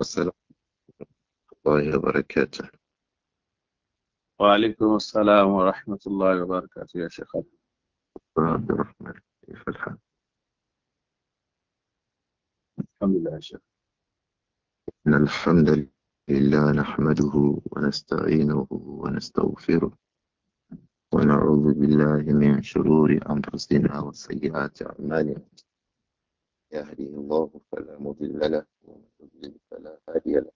السلام ورحمة الله وبركاته وعليكم السلام ورحمة الله وبركاته يا شيخ عبد الرحمن كيف الحال؟ الحمد لله يا شيخ إن الحمد لله نحمده ونستعينه ونستغفره ونعوذ بالله من شرور أنفسنا وسيئات أعمالنا يهدي الله فلا مضل له ومن يضلل فلا هادي له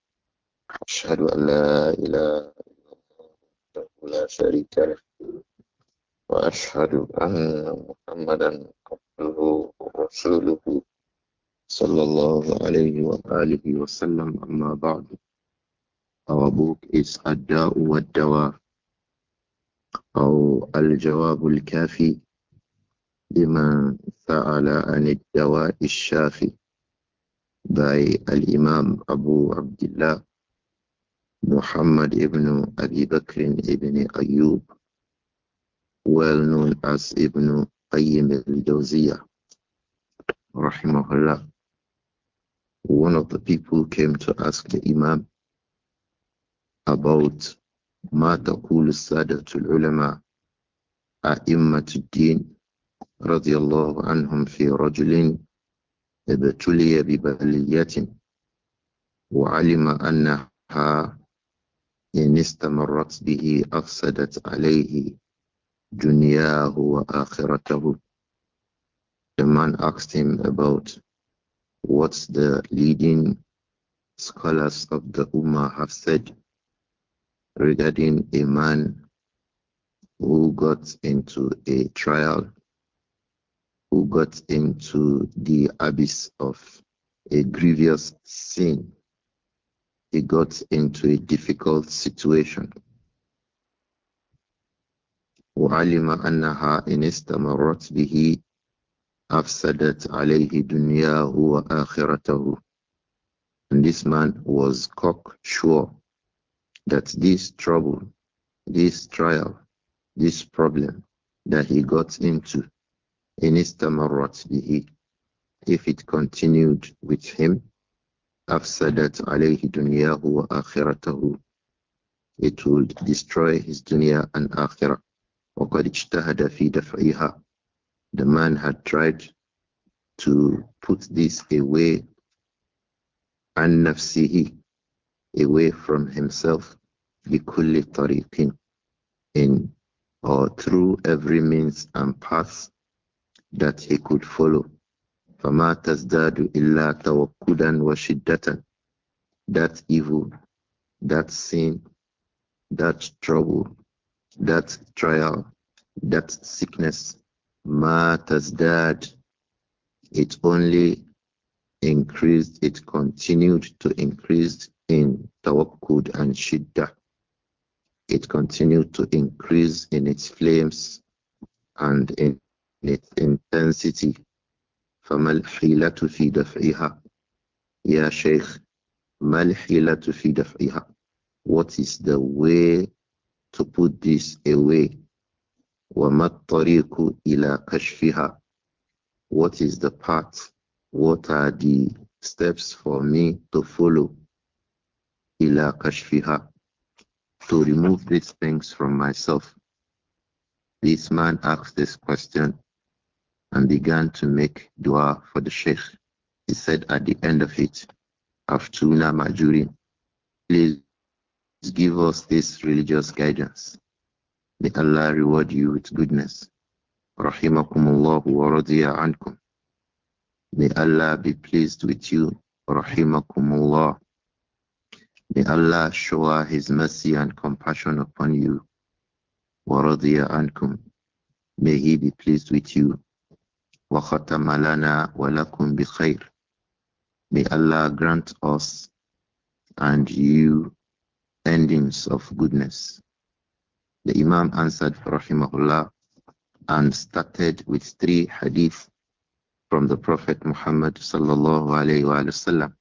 أشهد أن لا إله إلا الله وحده لا شريك له وأشهد أن محمدا عبده ورسوله صلى الله عليه وآله وسلم أما بعد أبوك book الداء والدواء أو الجواب الكافي بمن Sa'ala عن الدواء الشافي by Al-Imam Abu Abdullah Muhammad ibn Abi Bakr ibn Ayyub well known as Ibn Ayyim al-Jawziyah rahimahullah one of the people came to ask the Imam about ما تقول السادة العلماء أئمة الدين رضي الله عنهم في رجل ابتلي ببلية وعلم أنها إن استمرت به أفسدت عليه دنياه وآخرته. The man asked him about what the leading scholars of the Ummah have said regarding a man who got into a trial who got into the abyss of a grievous sin. He got into a difficult situation. وعلم أنها إن استمرت به أفسدت عليه دنياه وآخرته. And this man was cocksure that this trouble, this trial, this problem that he got into in istamarat bihi if it continued with him afsadat alayhi dunyahu wa akhiratahu it would destroy his dunya and akhirah وقد اجتهد في دفعها the man had tried to put this away عن نفسه away from himself بكل طريق in or through every means and path that he could follow. فَمَا تَزْدَادُ إِلَّا تَوَكُّدًا وَشِدَّةً That evil, that sin, that trouble, that trial, that sickness, ma tazdad, it only increased, it continued to increase in tawakkud and shiddah. It continued to increase in its flames and in its intensity. فما الحيلة في دفعها يا شيخ ما الحيلة في دفعها What is the way to put this away وما الطريق إلى كشفها What is the path What are the steps for me to follow إلى كشفها to remove these things from myself This man asked this question and began to make dua for the Sheikh. He said at the end of it, Aftuna Majuri, please give us this religious guidance. May Allah reward you with goodness. Rahimakumullah wa radiya ankum. May Allah be pleased with you. Rahimakumullah. May Allah shower His mercy and compassion upon you. Wa radiya ankum. May He be pleased with you. وَخَتَمَ لَنَا وَلَكُمْ بِخَيْرٍ May Allah grant us and you endings of goodness. The Imam answered, Rahimahullah, and started with three hadith from the Prophet Muhammad sallallahu alayhi wa sallam.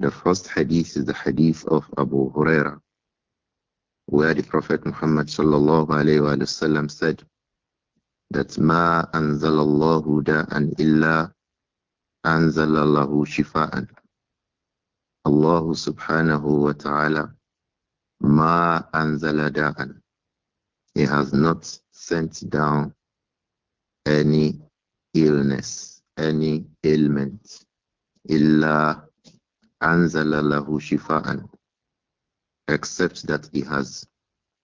The first hadith is the hadith of Abu Huraira, where the Prophet Muhammad sallallahu alayhi wa sallam said, that ma anzalallahu da'an illa anzalallahu shifa'an. Allah subhanahu wa ta'ala ma anzala da'an. He has not sent down any illness, any ailment. Illa anzala lahu shifa'an. Except that he has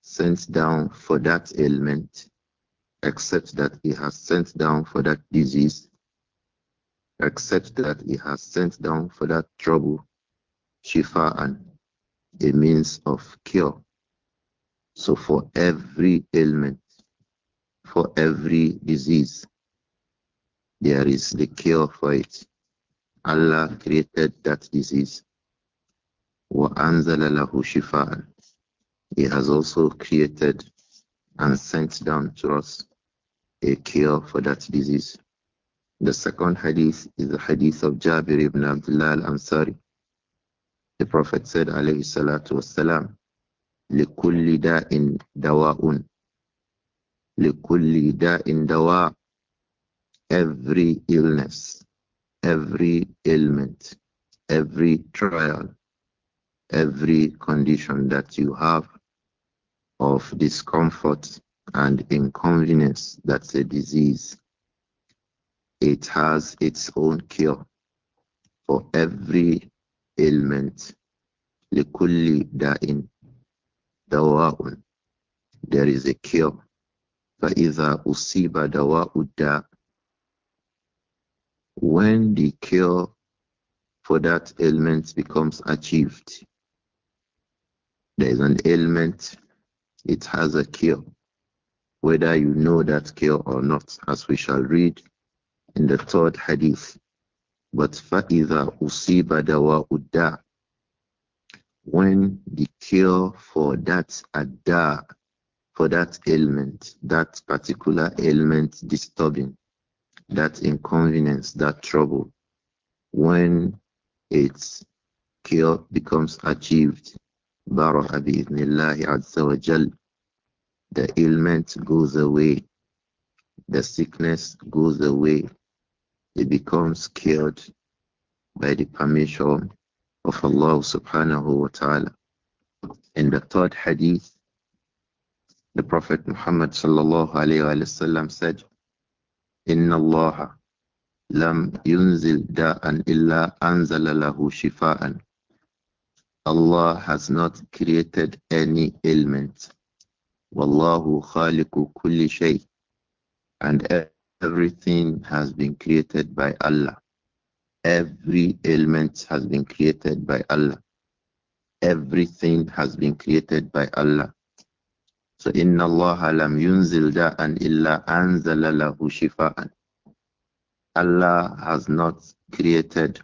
sent down for that ailment except that he has sent down for that disease, except that he has sent down for that trouble, shifa and a means of cure. So for every ailment, for every disease, there is the cure for it. Allah created that disease. وَأَنزَلَ لَهُ شِفَاءً He has also created and sent down to us a cure for that disease. The second hadith is the hadith of Jabir ibn Abdullah al-Ansari. The Prophet said, alayhi salatu wassalam, لِكُلِّ دَاءٍ دَوَاءٌ لِكُلِّ دَاءٍ دَوَاءٌ Every illness, every ailment, every trial, every condition that you have of discomfort, and inconvenience that's a disease. It has its own cure for every ailment. لكل داء دواء There is a cure. فإذا أصيب دواء الداء When the cure for that ailment becomes achieved, there is an ailment, it has a cure whether you know that cure or not, as we shall read in the third hadith. But فَإِذَا أُصِيبَ دَوَاءُ الدَّاء When the cure for that adda, for that ailment, that particular ailment disturbing, that inconvenience, that trouble, when its cure becomes achieved, بَرَأَ بِإِذْنِ اللَّهِ عَزَّ وَجَلَّ the ailment goes away. The sickness goes away. It becomes cured by the permission of Allah subhanahu wa ta'ala. In the third hadith, the Prophet Muhammad sallallahu alayhi wa sallam said, Inna Allah lam yunzil da'an illa anzala lahu shifa'an. Allah has not created any ailment Wallahu khaliqu kulli shay. And everything has been created by Allah. Every element has been created by Allah. Everything has been created by Allah. So inna Allah lam yunzil da'an illa anzala lahu shifa'an. Allah has not created.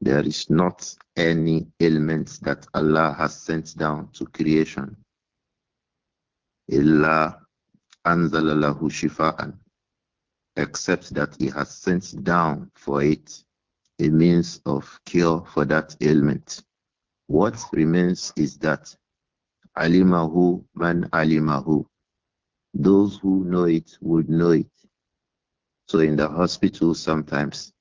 There is not any ailment that Allah has sent down to creation Allah, anzalalahu shifa'an except that he has sent down for it a means of cure for that ailment. What remains is that alimahu man alimahu. Those who know it would know it. So in the hospital sometimes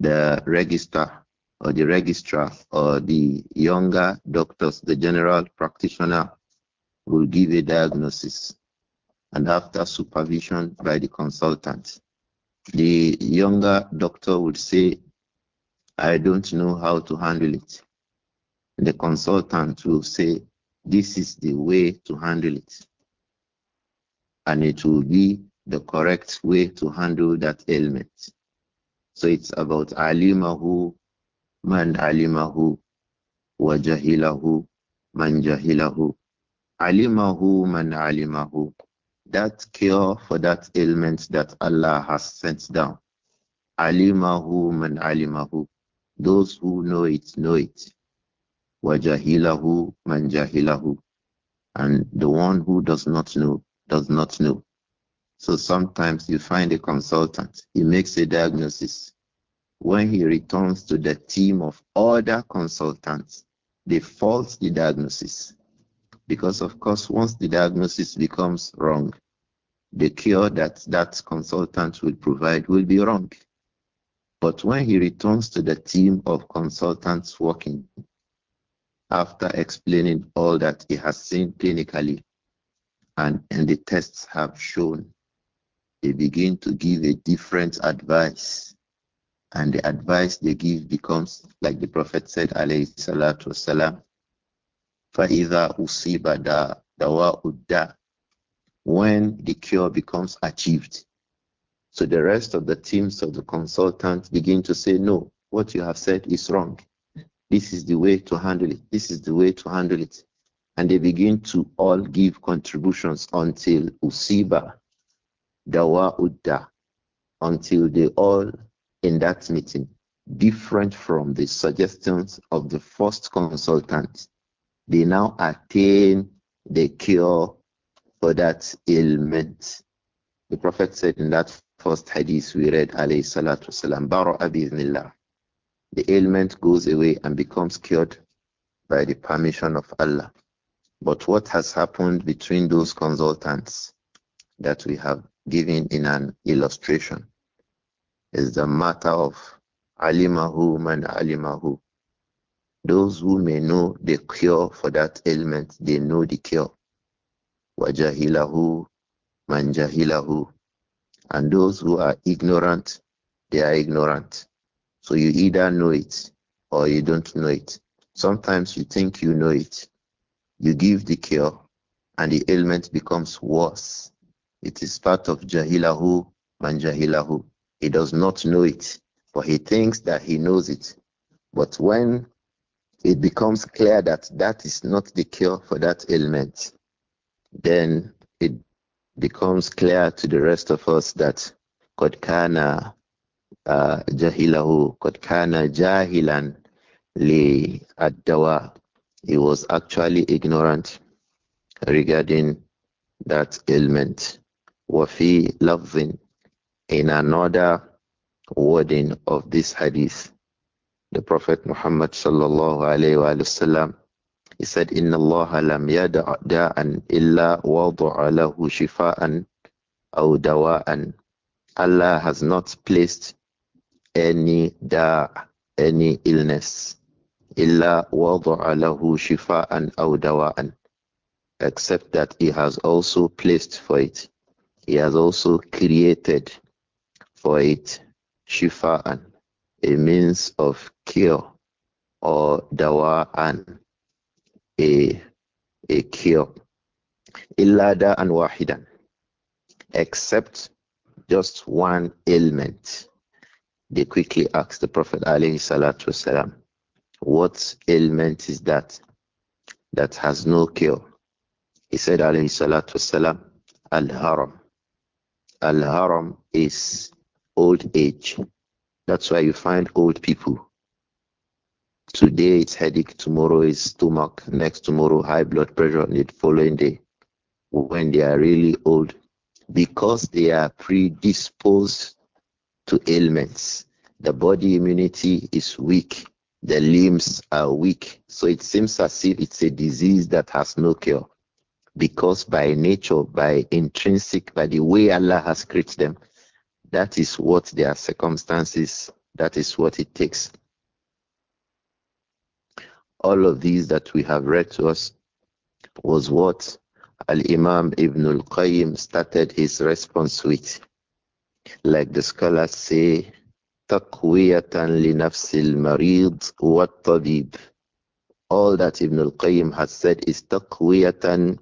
the register or the registrar or the younger doctors, the general practitioner will give a diagnosis and after supervision by the consultant. The younger doctor would say, I don't know how to handle it. The consultant will say, This is the way to handle it. And it will be the correct way to handle that ailment. So it's about alimahu man alimahu wa jahilahu man jahilahu alimahu man alimahu. That cure for that ailment that Allah has sent down. Alimahu man alimahu. Those who know it, know it. Wajahilahu man jahilahu. And the one who does not know, does not know. So sometimes you find a consultant, he makes a diagnosis. When he returns to the team of other consultants, they false the diagnosis. Because, of course, once the diagnosis becomes wrong, the cure that that consultant will provide will be wrong. But when he returns to the team of consultants working, after explaining all that he has seen clinically and, and the tests have shown, they begin to give a different advice. And the advice they give becomes, like the Prophet said, alayhi salatu wasalam, da أُصِيبَ دَوَاءُ When the cure becomes achieved. So the rest of the teams of the consultants begin to say, no, what you have said is wrong. This is the way to handle it. This is the way to handle it. And they begin to all give contributions until Usiba, Dawa Udda, until they all in that meeting, different from the suggestions of the first consultant, they now attain the cure for that ailment. The Prophet said in that first hadith we read, alayhi salatu wasalam, The ailment goes away and becomes cured by the permission of Allah. But what has happened between those consultants that we have given in an illustration is the matter of alimahu man alimahu. Those who may know the cure for that ailment, they know the cure. Wajahilahu, manjahilahu. And those who are ignorant, they are ignorant. So you either know it or you don't know it. Sometimes you think you know it. You give the cure and the ailment becomes worse. It is part of Jahilahu Manjahilahu. He does not know it, but he thinks that he knows it. But when it becomes clear that that is not the cure for that ailment, then it becomes clear to the rest of us that قد uh, jahilahu, جهله jahilan li جاهلا للدواء he was actually ignorant regarding that ailment Wafi, loving in another wording of this hadith the Prophet Muhammad sallallahu alayhi wa sallam, he said, "Inna Allah lam يَدَعْ دَاءً إِلَّا وَضُعَ shifa'an شِفَاءً Allah has not placed any da, any illness, illa وَضَعَ لَهُ شِفَاءً Except that He has also placed for it. He has also created for it shifa'an a means of cure or dawa an a, a cure. Illada and wahidan, except just one ailment. They quickly asked the Prophet alayhi salatu wasalam, what ailment is that that has no cure? He said alayhi salatu wasalam, al-haram. Al-haram is old age that's why you find old people. Today it's headache, tomorrow is stomach, next tomorrow high blood pressure, and the following day when they are really old because they are predisposed to ailments. The body immunity is weak, the limbs are weak. So it seems as if it's a disease that has no cure because by nature, by intrinsic, by the way Allah has created them, that is what their circumstances, that is what it takes. All of these that we have read to us was what Al Imam Ibn al Qayyim started his response with. Like the scholars say, Taqwiyatan li nafsil marid wa tabib. All that Ibn al Qayyim has said is Taqwiyatan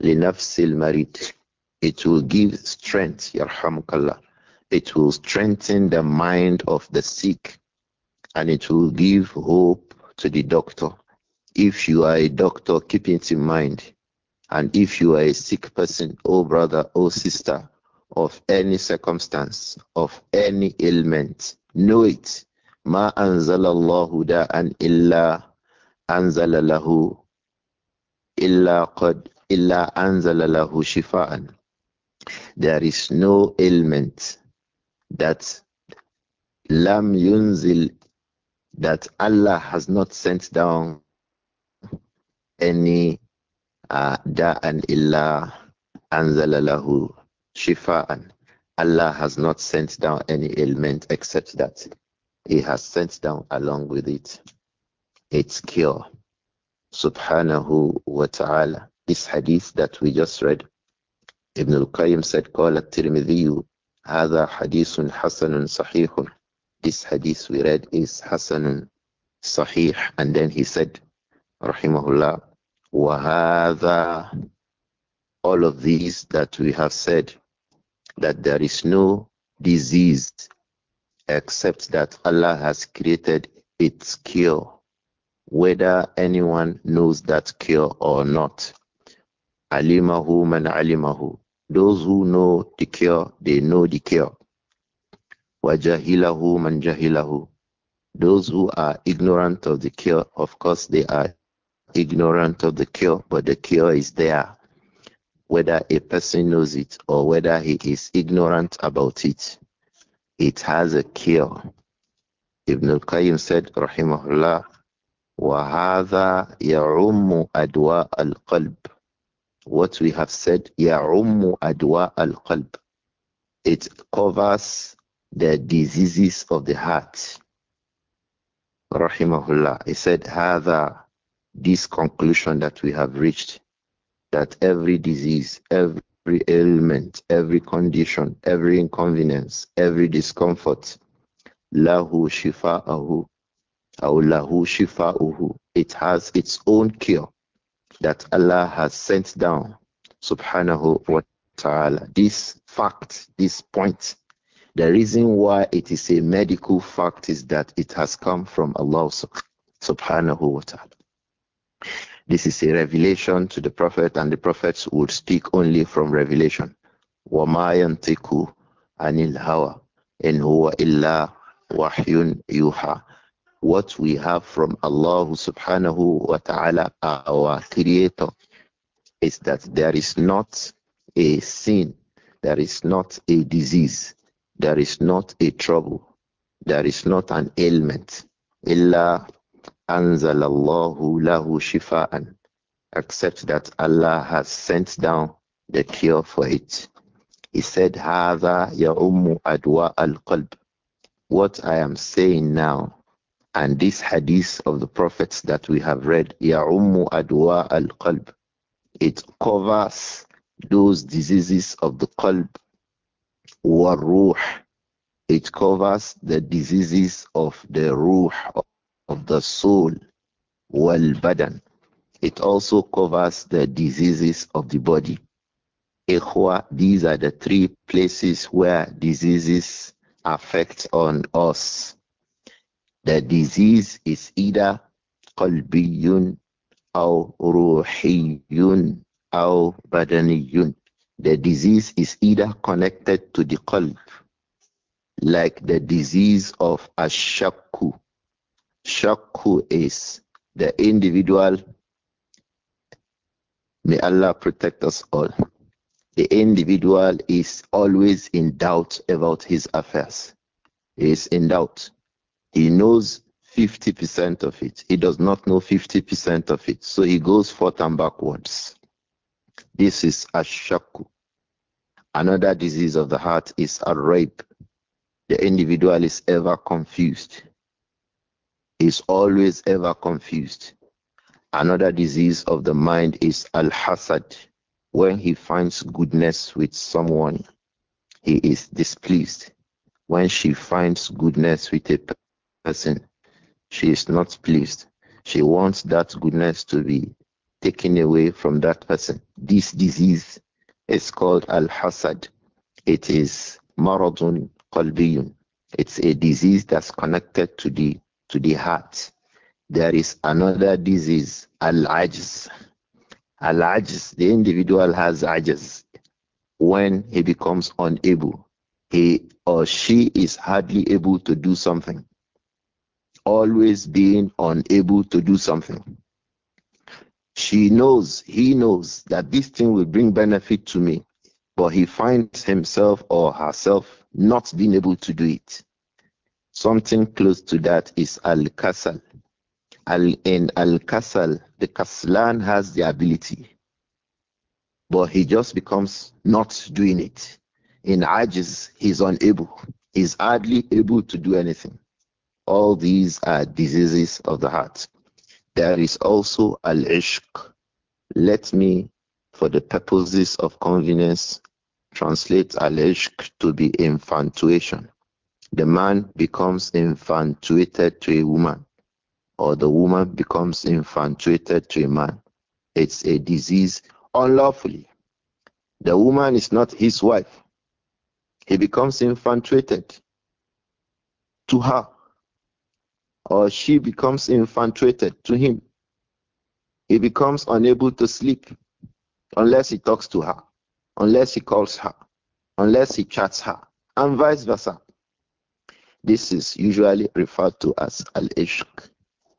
li nafsil marid. It will give strength, Yarhamukallah. It will strengthen the mind of the sick and it will give hope to the doctor. If you are a doctor, keep it in mind. And if you are a sick person, oh brother, oh sister, of any circumstance, of any ailment, know it. Ma anzalallahu da'an illa anzalalahu illa qad illa anzalalahu shifa'an. There is no ailment that Lam Yunzil, that Allah has not sent down any uh, da'an illa anzalalahu shifa'an. Allah has not sent down any ailment except that He has sent down along with it its cure. Subhanahu wa ta'ala. This hadith that we just read, Ibn al-Qayyim said, قال الترمذي هذا حديث حسن صحيح This hadith we read is حسن صحيح and then he said رحمه الله وهذا all of these that we have said that there is no disease except that Allah has created its cure whether anyone knows that cure or not alimahu man alimahu those who know the cure, they know the cure. Wajahilahu man Those who are ignorant of the cure, of course they are ignorant of the cure, but the cure is there. Whether a person knows it or whether he is ignorant about it, it has a cure. Ibn al-Qayyim said, rahimahullah, وَهَذَا يَعُمُّ أَدْوَاءَ الْقَلْبِ what we have said, يَعُمُّ أَدْوَاءَ الْقَلْبِ It covers the diseases of the heart. Rahimahullah. He said, هذا, this conclusion that we have reached, that every disease, every ailment, every condition, every inconvenience, every discomfort, Shifa shifa'ahu, aw Shifa shifa'uhu. It has its own cure that Allah has sent down, subhanahu wa ta'ala. This fact, this point, the reason why it is a medical fact is that it has come from Allah subhanahu wa ta'ala. This is a revelation to the Prophet, and the prophets would speak only from revelation. وَمَا يَنْتِكُ عَنِ الْهَوَى إِنْ what we have from Allah subhanahu wa ta'ala, our creator, is that there is not a sin, there is not a disease, there is not a trouble, there is not an ailment. Illa anzalallahu lahu shifa'an. Except that Allah has sent down the cure for it. He said, Hada ya adwa al qalb. What I am saying now and this hadith of the prophets that we have read, Ya'ummu Adwa al Qalb, it covers those diseases of the Qalb, wa Ruh, it covers the diseases of the Ruh, of the soul, wal Badan. It also covers the diseases of the body. Ikhwa, these are the three places where diseases affect on us the disease is either qalbiyun or ruhiyun or badaniyun. The disease is either connected to the qalb, like the disease of ashakku. Shakku is the individual. May Allah protect us all. The individual is always in doubt about his affairs. He is in doubt. He knows 50% of it. He does not know 50% of it. So he goes forth and backwards. This is ashaku. Another disease of the heart is a rape. The individual is ever confused. Is always ever confused. Another disease of the mind is al hasad. When he finds goodness with someone, he is displeased. When she finds goodness with a person, she is not pleased. She wants that goodness to be taken away from that person. This disease is called al hasad. It is maradun qalbiyun. It's a disease that's connected to the to the heart. There is another disease, al ajz. Al ajz. The individual has ajz. When he becomes unable, he or she is hardly able to do something always being unable to do something. She knows, he knows that this thing will bring benefit to me, but he finds himself or herself not being able to do it. Something close to that is al kasal. Al in al kasal, the kaslan has the ability, but he just becomes not doing it. In ajiz, he's unable. He's hardly able to do anything. All these are diseases of the heart. There is also al ishq. Let me, for the purposes of convenience, translate al ishq to be infatuation. The man becomes infatuated to a woman, or the woman becomes infatuated to a man. It's a disease unlawfully. The woman is not his wife. He becomes infatuated to her or she becomes infatuated to him. He becomes unable to sleep unless he talks to her, unless he calls her, unless he chats her, and vice versa. This is usually referred to as al ishq.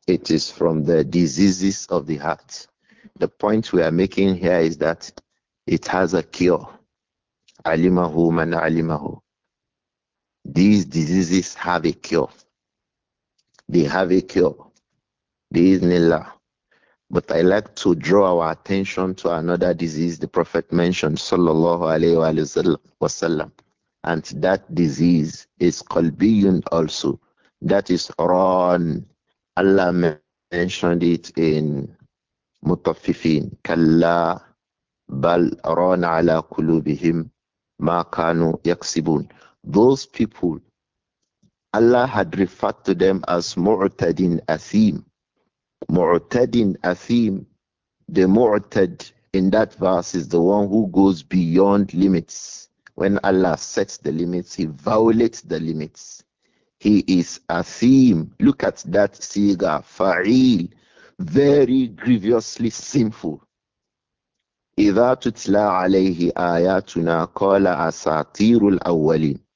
It is from the diseases of the heart. The point we are making here is that it has a cure. Alimahu man alimahu. These diseases have a cure. They have a cure. Bismillah. But I like to draw our attention to another disease the Prophet mentioned, sallallahu alayhi wasallam. And that disease is qalbiyun also. That is ron. Allah mentioned it in Mutafifin. Kalla bal ron ala kulubihim ma kanu yaksibun. Those people Allah had referred to them as Mu'tadin Athim. Mu'tadin Athim, the Mu'tad in that verse is the one who goes beyond limits. When Allah sets the limits, He violates the limits. He is asim. Look at that siga, Fa'il. Very grievously sinful. إذا تتلى عليه آياتنا قال أساطير الأولين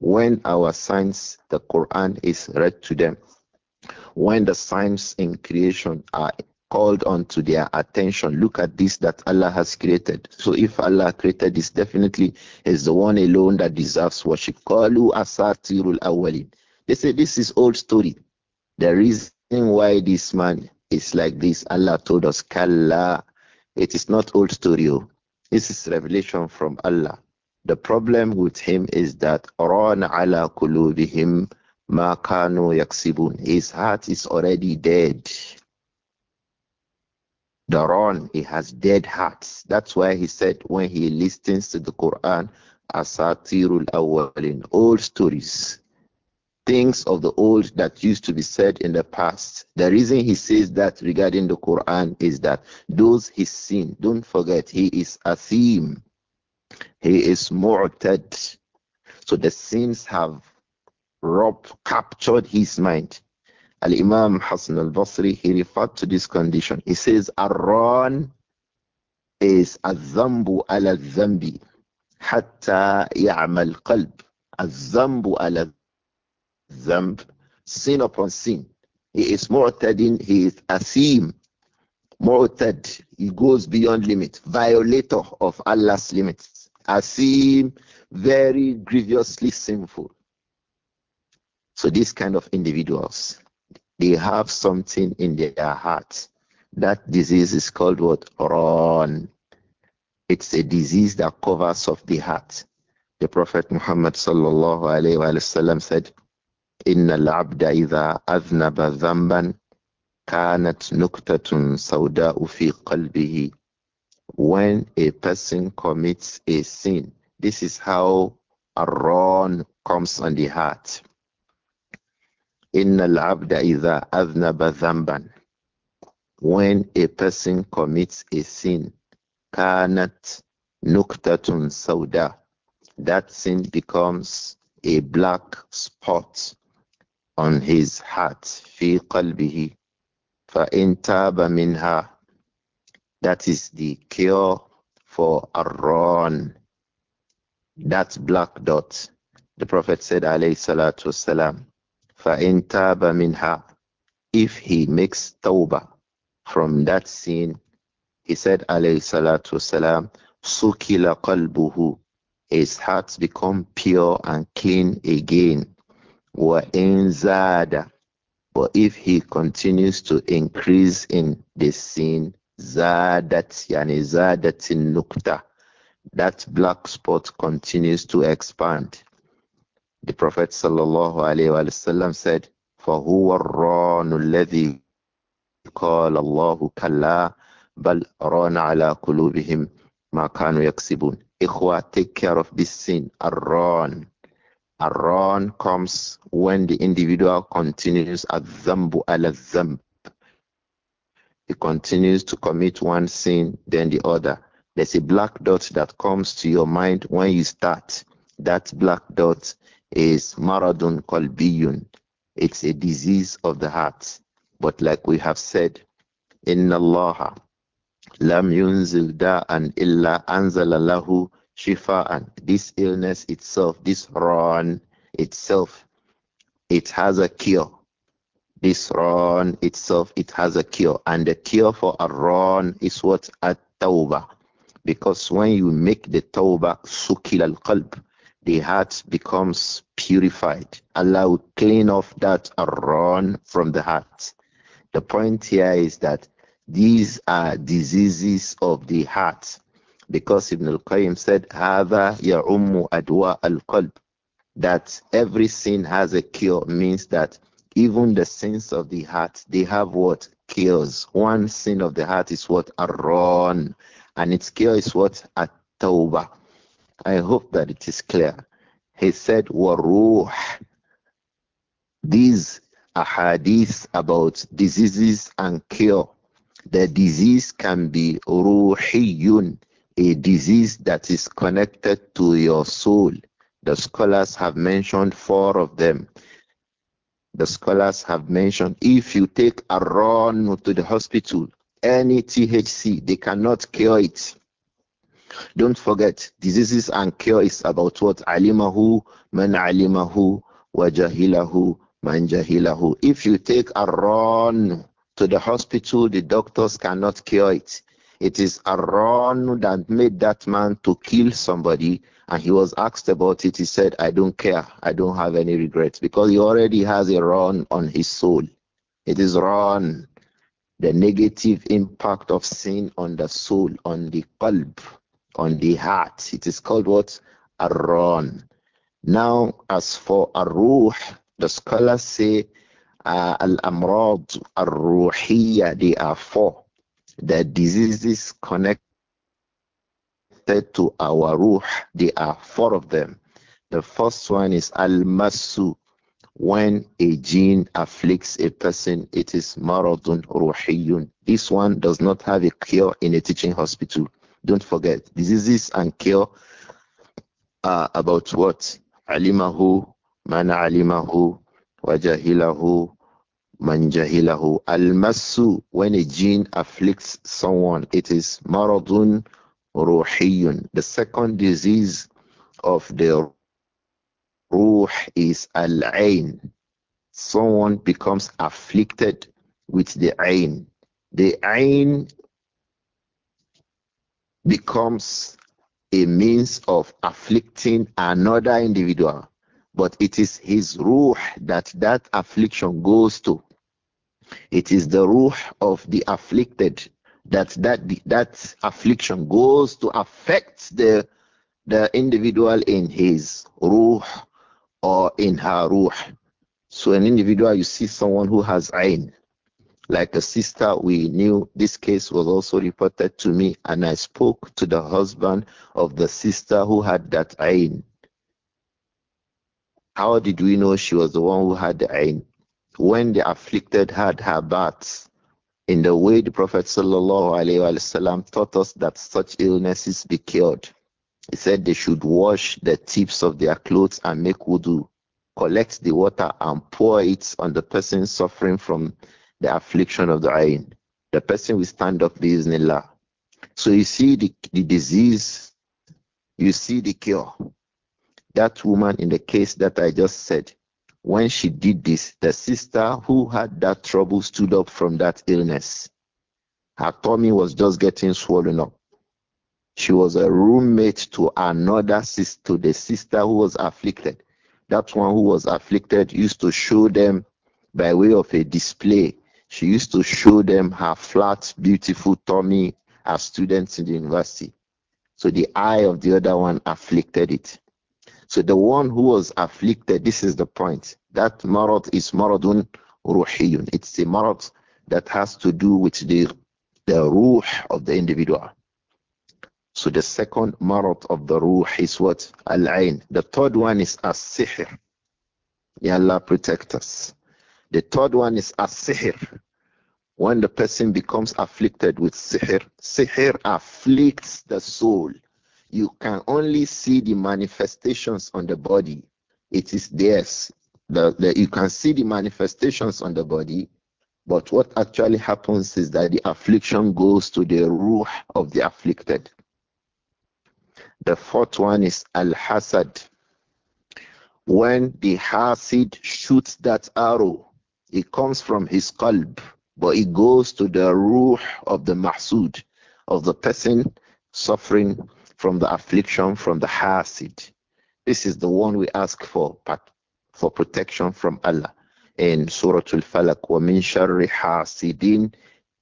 when our signs, the Quran is read to them, when the signs in creation are called onto their attention, look at this that Allah has created. So if Allah created this, definitely is the one alone that deserves worship. They say this is old story. The reason why this man is like this, Allah told us, Kalla. It is not old story. Oh. This is revelation from Allah. The problem with him is that Ran ala kulubihim ma kanu yaksibun. His heart is already dead. The he has dead hearts. That's why he said when he listens to the Quran, asatirul awwalin, old stories, things of the old that used to be said in the past. The reason he says that regarding the Quran is that those his sin, don't forget, he is a theme. He is mu'tad. So the sins have robbed, captured his mind. Al Imam Hassan al Basri, he referred to this condition. He says, Arran is zambu ala zambi hatta ya'mal qalb. zambu ala zamb. Sin upon sin. He is mu'tadin, he is asim. Mu'tad, he goes beyond limit, violator of Allah's limits are seen very grievously sinful. So these kind of individuals, they have something in their heart. That disease is called what? Ron. It's a disease that covers of the heart. The Prophet Muhammad sallallahu alayhi wa sallam said, إِنَّ الْعَبْدَ إِذَا أَذْنَبَ ذَنْبًا كَانَتْ نُكْتَةٌ سَوْدَاءُ فِي قَلْبِهِ when a person commits a sin. This is how a Aron comes on the heart. Inna al-abda idha adhnaba dhanban. When a person commits a sin, kanat nuktatun sauda. That sin becomes a black spot on his heart. Fi qalbihi. fa intaba minha. That is the cure for Arron, that black dot. The Prophet said, alayhi salatu If he makes tawbah from that sin, he said, alayhi salatu wasalam, سُكِلَ His heart become pure and clean again. وَإِن زَادَ But if he continues to increase in this sin, Zadat yani zadatin nukta. That black spot continues to expand. The Prophet sallallahu alaihi wasallam said, فهو الران الذي قال allah kalla, bal ران ala قلوبهم ma كانوا yaksibun." Ikhwa, take care of this sin. Arran. Arran comes when the individual continues at zambu al zamb he continues to commit one sin, then the other. There's a black dot that comes to your mind when you start. That black dot is maradun biyun. It's a disease of the heart. But like we have said, in Allah lam yunzil da'an illa anzala lahu shifa'an. This illness itself, this run itself, it has a cure. This run itself, it has a cure. And the cure for a run is what? a tawbah. Because when you make the tawbah, sukil al qalb, the heart becomes purified. Allah will clean off that run from the heart. The point here is that these are diseases of the heart. Because Ibn al-Qayyim said, هَذَا Adwa Al Qalb," That every sin has a cure means that even the sins of the heart, they have what? Cures. One sin of the heart is what? a Aron. And its cure is what? a tawbah I hope that it is clear. He said, Waruh. These ahadith about diseases and cure. The disease can be ruhiyun, a disease that is connected to your soul. The scholars have mentioned four of them. The scholars have mentioned if you take a run to the hospital, any THC, they cannot cure it. Don't forget, diseases and cure is about what? Alimahu, man alimahu, wajahilahu, man jahilahu. If you take a run to the hospital, the doctors cannot cure it. It is Aaron that made that man to kill somebody, and he was asked about it. He said, I don't care. I don't have any regrets because he already has a run on his soul. It is run, the negative impact of sin on the soul, on the qalb, on the heart. It is called what? run. Now, as for Aruh, the scholars say uh, Al Amrad, Al Ruhiyya, they are four. The diseases connected to our ruh, there are four of them. The first one is al-masu. When a jinn afflicts a person, it is maradun ruhiyun. This one does not have a cure in a teaching hospital. Don't forget, diseases and cure are about what? Alimahu, man alimahu, wajahilahu, manjahilahu al-masu when a jinn afflicts someone it is maradun ruhiyun the second disease of the ruh is al-ain someone becomes afflicted with the ain the ain becomes a means of afflicting another individual but it is his ruh that that affliction goes to it is the ruh of the afflicted that that that affliction goes to affect the the individual in his ruh or in her ruh. So an individual, you see someone who has ayn, like a sister we knew. This case was also reported to me, and I spoke to the husband of the sister who had that ayn. How did we know she was the one who had the ayn? when the afflicted had her baths, in the way the Prophet ﷺ taught us that such illnesses be cured. He said they should wash the tips of their clothes and make wudu, collect the water and pour it on the person suffering from the affliction of the eye. The person will stand up biznillah. So you see the, the disease, you see the cure. That woman in the case that I just said, when she did this, the sister who had that trouble stood up from that illness. Her tummy was just getting swollen up. She was a roommate to another sister, to the sister who was afflicted. That one who was afflicted used to show them by way of a display. She used to show them her flat, beautiful tummy as students in the university. So the eye of the other one afflicted it. So the one who was afflicted, this is the point. That marad is maradun ruhiyun. It's a marad that has to do with the the ruh of the individual. So the second marot of the ruh is what? al The third one is as-sihr. Allah protect us. The third one is as When the person becomes afflicted with sihr, sihr afflicts the soul you can only see the manifestations on the body. It is theirs. The, the, you can see the manifestations on the body, but what actually happens is that the affliction goes to the ruh of the afflicted. The fourth one is al hasad. When the hasid shoots that arrow, it comes from his qalb, but it goes to the ruh of the mahsud, of the person suffering from the affliction from the hasid. This is the one we ask for, for protection from Allah in Surah Al-Falaq, وَمِن شَرِّ حَاسِدٍ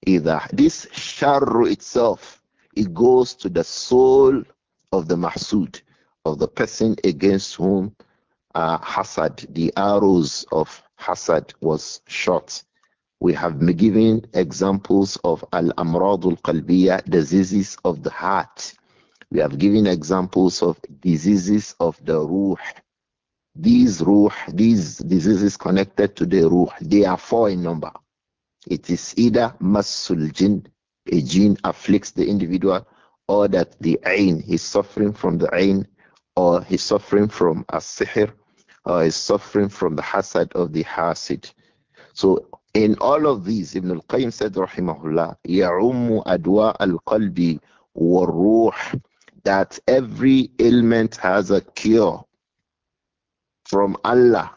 إِذَا This sharru itself, it goes to the soul of the mahsud, of the person against whom uh, hasad, the arrows of hasad was shot. We have been given examples of al-amradul qalbiya diseases of the heart. We have given examples of diseases of the ruh. These ruh, these diseases connected to the ruh, they are four in number. It is either masul a jinn afflicts the individual, or that the ain, is suffering from the ain, or he's suffering from a sihr, or he's suffering from the hasad of the hasid. So in all of these, Ibn al-Qayyim said, rahimahullah, يَعُمُّ أَدْوَاءَ الْقَلْبِ وَالْرُوحِ that every ailment has a cure from Allah.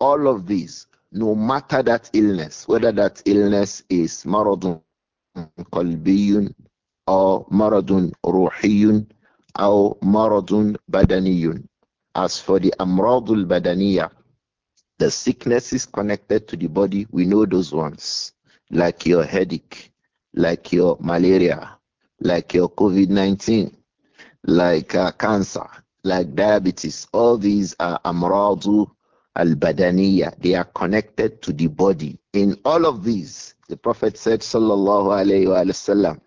All of these, no matter that illness, whether that illness is maradun qalbiyun or maradun ruhiyun or maradun badaniyun. As for the amradul badaniya, the sicknesses connected to the body, we know those ones, like your headache, like your malaria, like your COVID 19, like uh, cancer, like diabetes. All these are amradu al-badaniya. They are connected to the body. In all of these, the Prophet said, sallallahu alayhi wasallam,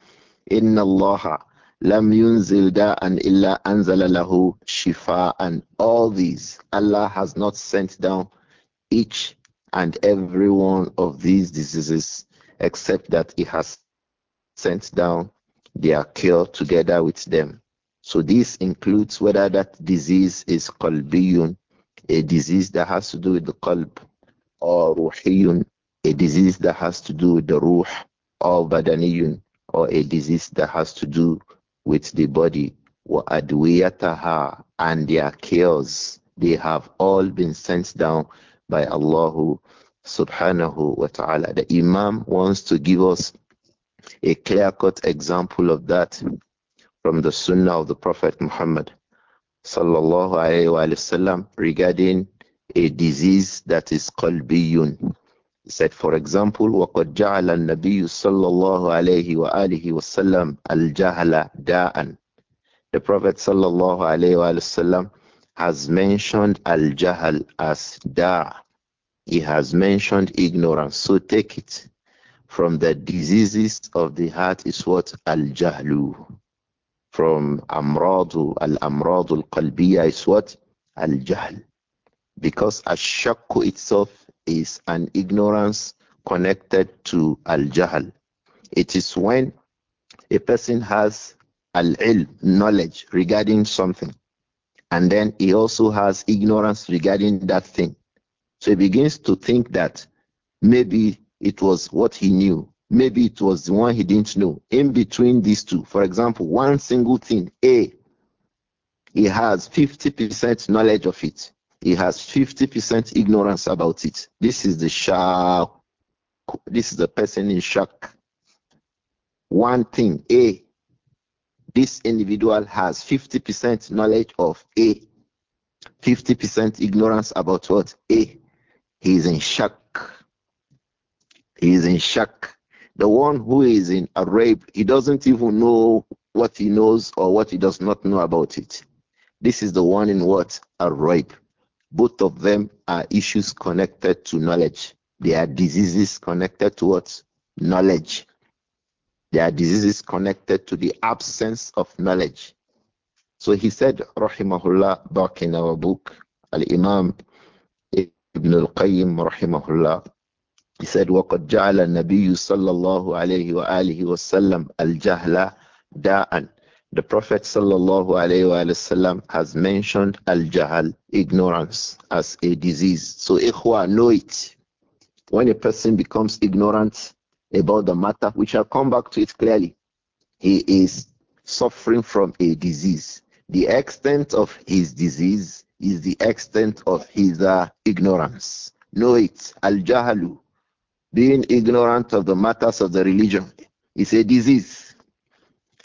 inna allaha lam yunzil da'an illa anzala lahu shifa and all these. Allah has not sent down each and every one of these diseases except that he has sent down their cure together with them. So this includes whether that disease is qalbiyun, a disease that has to do with the qalb, or ruhiyun, a disease that has to do with the ruh, or badaniyun, or a disease that has to do with the body, wa and their cures. They have all been sent down by Allah subhanahu wa ta'ala. The Imam wants to give us a clear cut example of that from the Sunnah of the Prophet Muhammad sallallahu alaihi wasallam regarding a disease that is called biyun, He said, for example, وَقَدْ جَعَلَ النَّبِيُّ صَلَّى wa عَلَيْهِ wasallam وَسَلَّمْ da'an. The Prophet sallallahu alaihi wasallam has mentioned al-jahal as da'. He has mentioned ignorance. So take it. From the diseases of the heart is what al-jahlu from amradu al-amradu al-qalbiyya is what? Al-jahl. Because Ashakku itself is an ignorance connected to al-jahl. It is when a person has al-ilm, knowledge regarding something, and then he also has ignorance regarding that thing. So he begins to think that maybe it was what he knew Maybe it was the one he didn't know. In between these two, for example, one single thing, A, he has 50% knowledge of it. He has 50% ignorance about it. This is the shock. This is the person in shock. One thing, A, this individual has 50% knowledge of A, 50% ignorance about what? A. He is in shock. He is in shock. The one who is in a rape, he doesn't even know what he knows or what he does not know about it. This is the one in what? A rape. Both of them are issues connected to knowledge. They are diseases connected to what? Knowledge. They are diseases connected to the absence of knowledge. So he said, Rahimahullah, back in our book, Al Imam Ibn al Qayyim, Rahimahullah, he said, وَقَدْ جَعَلَ النَّبِيُّ صَلَّى اللَّهُ عَلَيْهِ وَآلِهِ وَسَلَّمَ الْجَهْلَ دَاءً The Prophet sallallahu alayhi wasallam has mentioned al-jahl, ignorance, as a disease. So ikhwa, know it. When a person becomes ignorant about the matter, we shall come back to it clearly, he is suffering from a disease. The extent of his disease is the extent of his uh, ignorance. Know it. Al-jahlu being ignorant of the matters of the religion is a disease.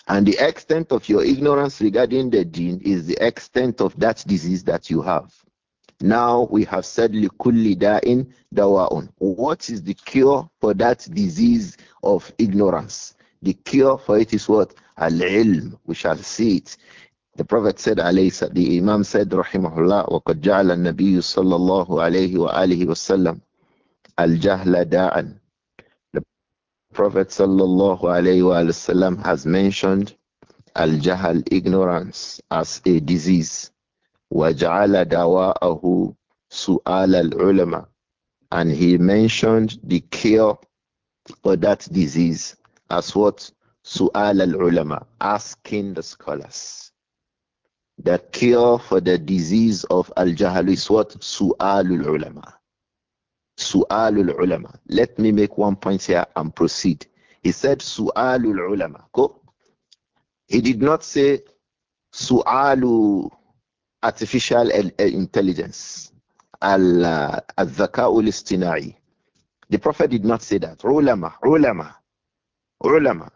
And the extent of your ignorance regarding the deen is the extent of that disease that you have. Now we have said likulli da'in dawa'un. What is the cure for that disease of ignorance? The cure for it is what? Al-ilm. We shall see it. The Prophet said, alayhi, the Imam said, rahimahullah, وَقَدْ جَعَلَ النَّبِيُّ صَلَّى اللَّهُ عَلَيْهِ وَآلِهِ وَسَلَّمُ al-jahla da'an. The Prophet sallallahu alayhi wasallam has mentioned al-jahl, ignorance, as a disease. وَجَعَلَ دَوَاءَهُ سُؤَالَ الْعُلَمَةِ And he mentioned the cure for that disease as what? Su'al al-ulama, asking the scholars. The cure for the disease of al-jahal is what? Su'al al-ulama. Su'alul ulama. Let me make one point here and proceed. He said Su'alul ulama. Go. He did not say Su'alu artificial eh, intelligence. Uh, Al-Zaka'ul istina'i. The Prophet did not say that. Ulama, ulama, ulama.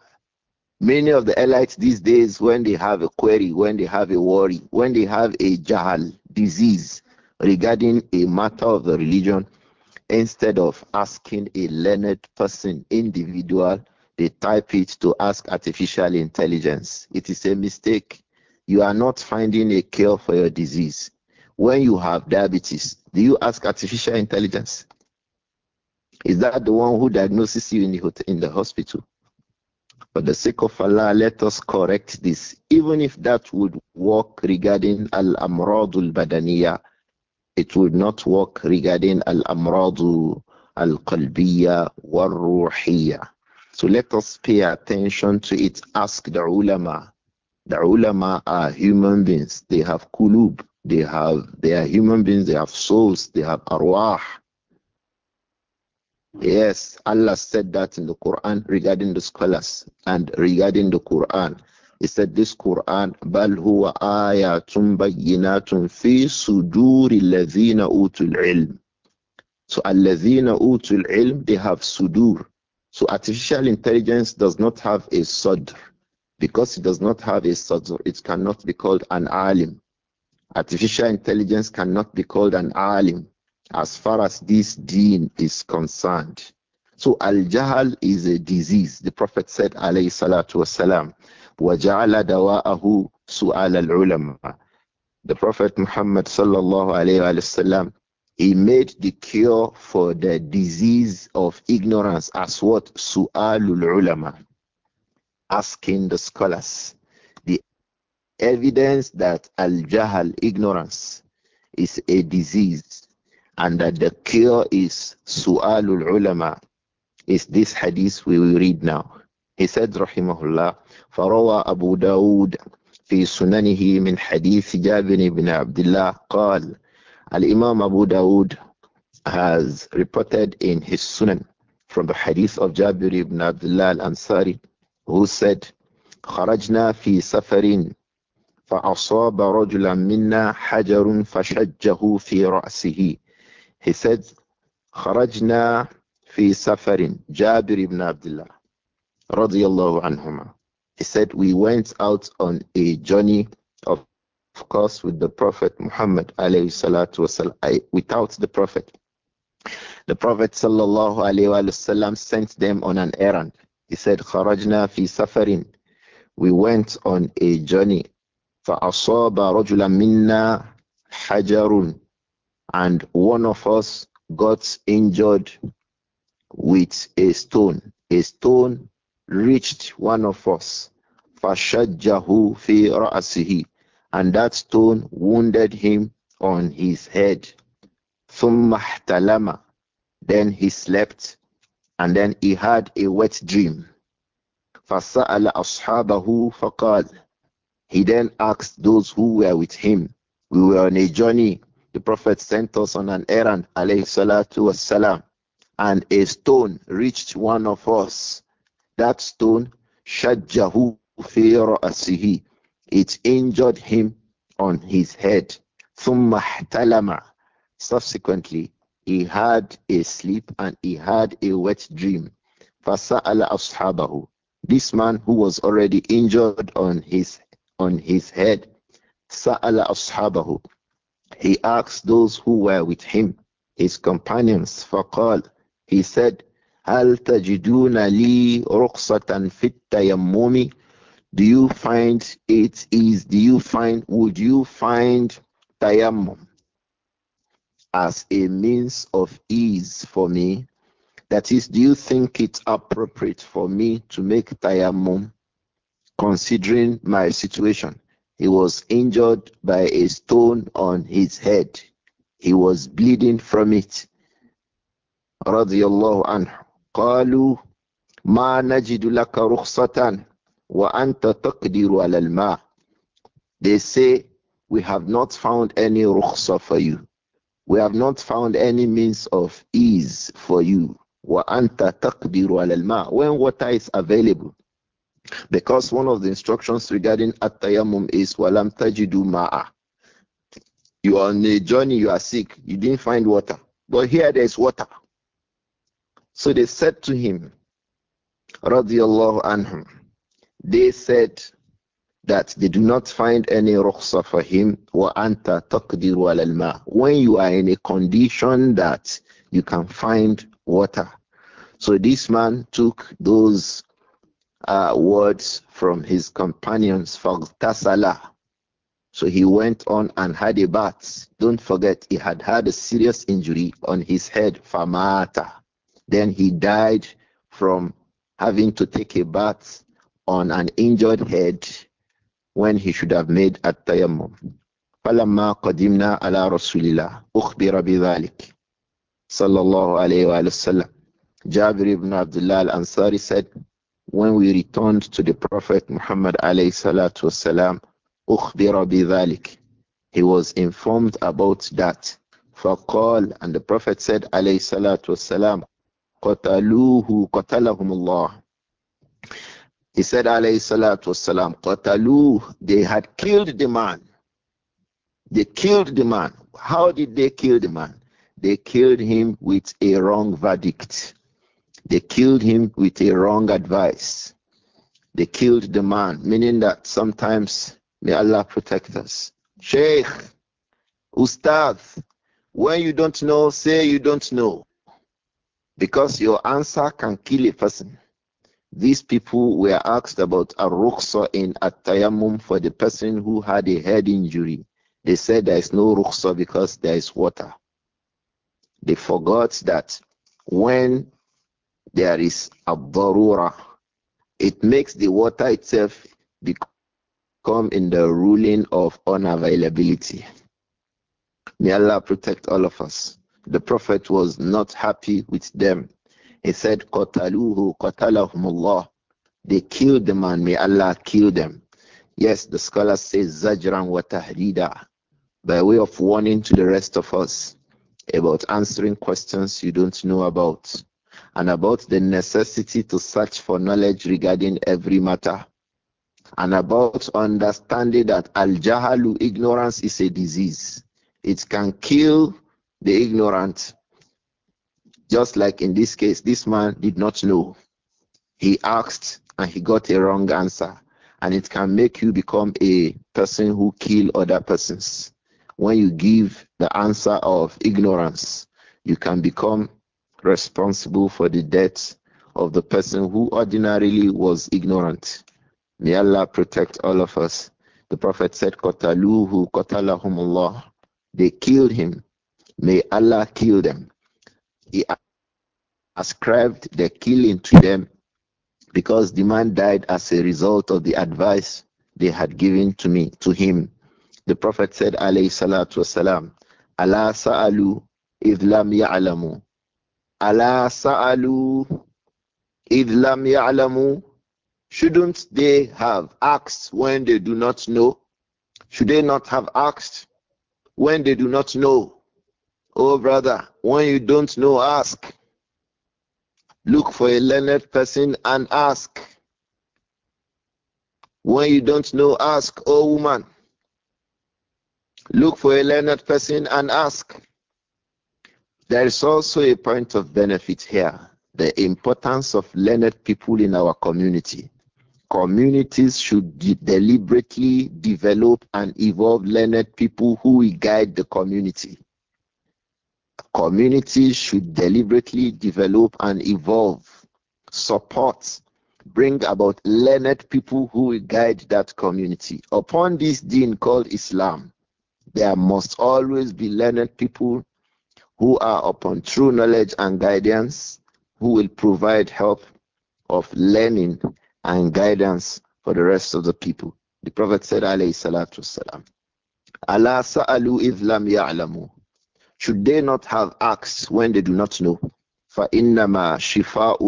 Many of the elites these days, when they have a query, when they have a worry, when they have a jahal disease regarding a matter of the religion, Instead of asking a learned person, individual, they type it to ask artificial intelligence. It is a mistake. You are not finding a cure for your disease. When you have diabetes, do you ask artificial intelligence? Is that the one who diagnoses you in the, in the hospital? For the sake of Allah, let us correct this, even if that would work regarding al amradul badaniya, it would not work regarding al-amradu al-qalbiyya wal-ruhiyya. So let us pay attention to it. Ask the ulama. The ulama are human beings. They have kulub. They have they are human beings. They have souls. They have arwah. Yes, Allah said that in the Quran regarding the scholars and regarding the Quran. He said this Quran, بَلْ هُوَ آيَاتٌ بَيِّنَاتٌ فِي سُدُورِ الَّذِينَ أُوتُوا ilm.' So الَّذِينَ أُوتُوا ilm, they have sudur. So artificial intelligence does not have a sudur Because it does not have a sudur. it cannot be called an alim. Artificial intelligence cannot be called an alim as far as this deen is concerned. So Al Jahal is a disease. The Prophet said, alayhi salatu wasalam, وَجَعَلَ دَوَاءَهُ سُؤَالَ الْعُلَمَا The Prophet Muhammad sallallahu alayhi wa sallam, he made the cure for the disease of ignorance as what? Su'alul ulama. Asking the scholars. The evidence that al-jahal, ignorance, is a disease and that the cure is su'alul ulama is this hadith we will read now. He رحمه الله فروى أبو داود في سننه من حديث جابر بن عبد الله قال الإمام أبو داود has reported in his sunan from the hadith of Jabir ibn Abdullah al-Ansari who said خرجنا في سفر فأصاب رجلا منا حجر فشجه في رأسه he said خرجنا في سفر جابر ابن عبد الله radiallahu anhuma. He said, We went out on a journey, of, course, with the Prophet Muhammad without the Prophet. The Prophet sallallahu alayhi sent them on an errand. He said, Kharajna fi safarin. We went on a journey. فَأَصَابَ رَجُلًا مِنَّا حَجَرٌ And one of us got injured with a stone. A stone reached one of us. Fashajjahu fi ra'asihi. And that stone wounded him on his head. Thumma Then he slept and then he had a wet dream. فَسَأَلَ أَصْحَابَهُ فَقَالَ He then asked those who were with him. We were on a journey. The Prophet sent us on an errand, alayhi salatu wasalam, and a stone reached one of us. That stone, shajahu fi ra'asihi, it injured him on his head. Thumma ihtalama. Subsequently, he had a sleep and he had a wet dream. Fasa'ala ashabahu. This man who was already injured on his on his head, sa'ala ashabahu. He asked those who were with him, his companions, faqal. He said, هل تجدون لي رخصة في التيمم do you find it is do you find would you find tayammum as a means of ease for me that is do you think it's appropriate for me to make tayammum considering my situation he was injured by a stone on his head he was bleeding from it radiyallahu anhu قالوا ما نجد لك رخصة وأنت تقدر على الماء They say we have not found any rukhsa for you. We have not found any means of ease for you. وَأَنْتَ تَقْدِرُ عَلَى الْمَاءِ When water is available. Because one of the instructions regarding at-tayammum is walam tajidu ma'a. You are on a journey, you are sick, you didn't find water. But here there is water. So they said to him, anhum, they said that they do not find any rukhsa for him or anta taqdiru al when you are in a condition that you can find water. So this man took those uh, words from his companions, Fagtasala. So he went on and had a bath. Don't forget, he had had a serious injury on his head, Famata. Then he died from having to take a bath on an injured head when he should have made at tayammum. فلما قدمنا على رسول الله أخبر بذلك صلى الله عليه وآله وسلم Jabir ibn Abdullah al-Ansari said when we returned to the Prophet Muhammad alayhi salatu wasalam أخبر بذلك he was informed about that فقال and the Prophet said alayhi salatu wasalam Qataluhu, قتلهم he said alayhi salatu wasalam qataluh they had killed the man they killed the man how did they kill the man they killed him with a wrong verdict they killed him with a wrong advice they killed the man meaning that sometimes may allah protect us sheikh ustad when you don't know say you don't know because your answer can kill a person. These people were asked about a rukhsa in Atayamum tayammum for the person who had a head injury. They said there is no rukhsa because there is water. They forgot that when there is a barura, it makes the water itself become in the ruling of unavailability. May Allah protect all of us the Prophet was not happy with them. He said, Qataluhu, Allah." They killed the man, may Allah kill them. Yes, the scholar says Zajran wa Tahrida, by way of warning to the rest of us about answering questions you don't know about and about the necessity to search for knowledge regarding every matter and about understanding that al jahalu ignorance is a disease it can kill the ignorant. Just like in this case, this man did not know. He asked and he got a wrong answer. And it can make you become a person who kill other persons. When you give the answer of ignorance, you can become responsible for the death of the person who ordinarily was ignorant. May Allah protect all of us. The Prophet said, Qataluhu Allah." They killed him. May Allah kill them. He ascribed the killing to them because the man died as a result of the advice they had given to me to him. The Prophet said, alayhi salatu wasalam, Allah sa'alu idlam ya'lamu. Allah sa'alu idlam ya'lamu. Shouldn't they have asked when they do not know? Should they not have asked when they do not know? Oh, brother, when you don't know, ask. Look for a learned person and ask. When you don't know, ask, oh woman. Look for a learned person and ask. There is also a point of benefit here the importance of learned people in our community. Communities should de deliberately develop and evolve learned people who will guide the community. Communities should deliberately develop and evolve, support, bring about learned people who will guide that community. Upon this deen called Islam, there must always be learned people who are upon true knowledge and guidance, who will provide help of learning and guidance for the rest of the people. The Prophet said, salatu Allah sa'alu idh lam ya'lamu. Should they not have asked when they do not know? ul شِفَاءُ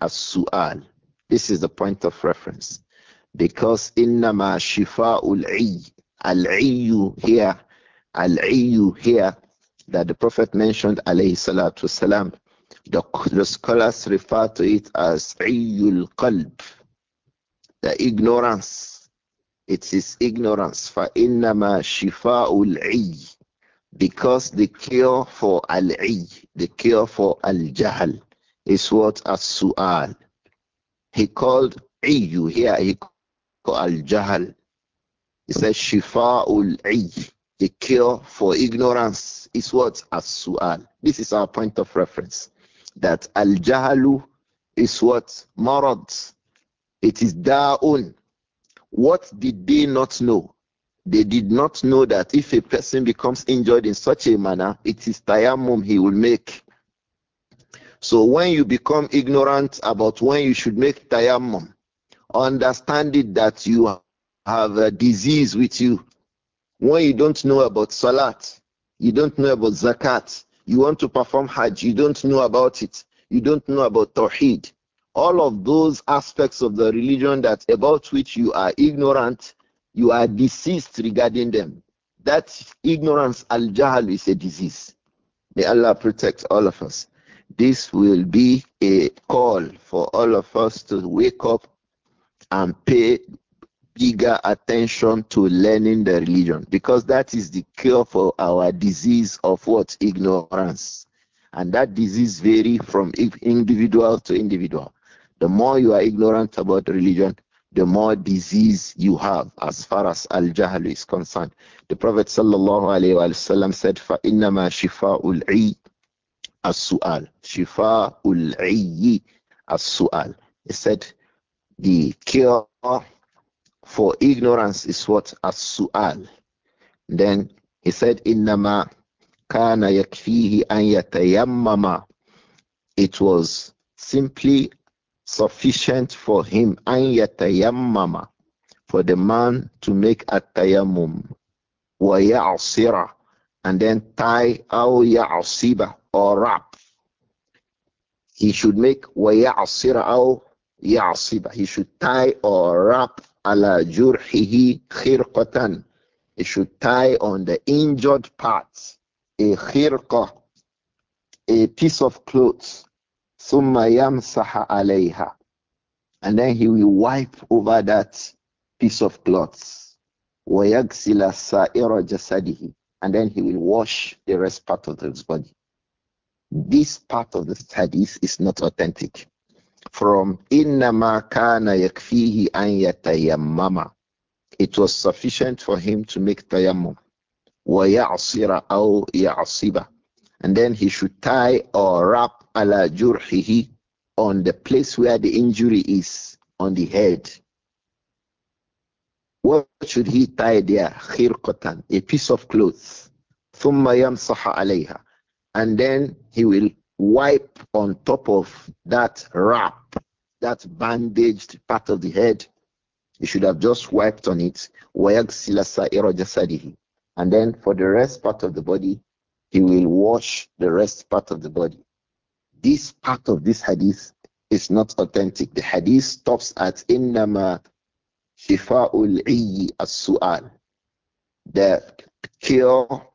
as sual. This is the point of reference. Because انما shifa ul الْعِيِّ Al-'Iyyu here, Al-'Iyyu here, that the Prophet mentioned, alayhi salatu salam, the, the, scholars refer to it as Iyul Qalb, the ignorance. It is ignorance. For shifa ul الْعِيِّ because the cure for al-i, the cure for al-jahl, is what as-su'al. He called iyu here, he called al-jahl. He said shifa'ul-i, the cure for ignorance is what as-su'al. This is our point of reference. That al-jahlu is what marad. It is da'un. What did they not know? They did not know that if a person becomes injured in such a manner, it is tayammum he will make. So when you become ignorant about when you should make tayammum, understand it that you have a disease with you. When you don't know about salat, you don't know about zakat, you want to perform hajj, you don't know about it, you don't know about tawheed. All of those aspects of the religion that about which you are ignorant, you are deceased regarding them. That ignorance, al jahal, is a disease. May Allah protect all of us. This will be a call for all of us to wake up and pay bigger attention to learning the religion because that is the cure for our disease of what? Ignorance. And that disease vary from individual to individual. The more you are ignorant about religion, the more disease you have as far as al jahl is concerned. The Prophet sallallahu alaihi wasallam said, فَإِنَّمَا شِفَاءُ الْعِيِّ as-su'al. Shifa'ul الْعِيِّ as-su'al. He said, the cure for ignorance is what? As-su'al. Then he said, "Inna ma kana yakfihi an يَتَيَمَّمَا It was simply sufficient for him an yatayammama for the man to make a tayammum wa ya'sira and then tie aw ya'siba or wrap he should make wa ya'sira aw ya'siba he should tie or wrap ala jurhihi khirqatan he should tie on the injured parts a khirqa a piece of clothes Summa yamsaha alayha. And then he will wipe over that piece of cloth. Wayagsila sa'ira jasadihi. And then he will wash the rest part of his body. This part of the hadith is not authentic. From innama kana yakfihi an yatayammama. It was sufficient for him to make tayammum. وَيَعْصِرَ aw يَعْصِبَ And then he should tie or wrap ala jurhihi on the place where the injury is on the head. What should he tie there? Khirqatan, a piece of cloth. Thumma yamsaha alayha. And then he will wipe on top of that wrap, that bandaged part of the head. He should have just wiped on it. And then for the rest part of the body, he will wash the rest part of the body this part of this hadith is not authentic. The hadith stops at innama shifa'ul iyyi as-su'al. The cure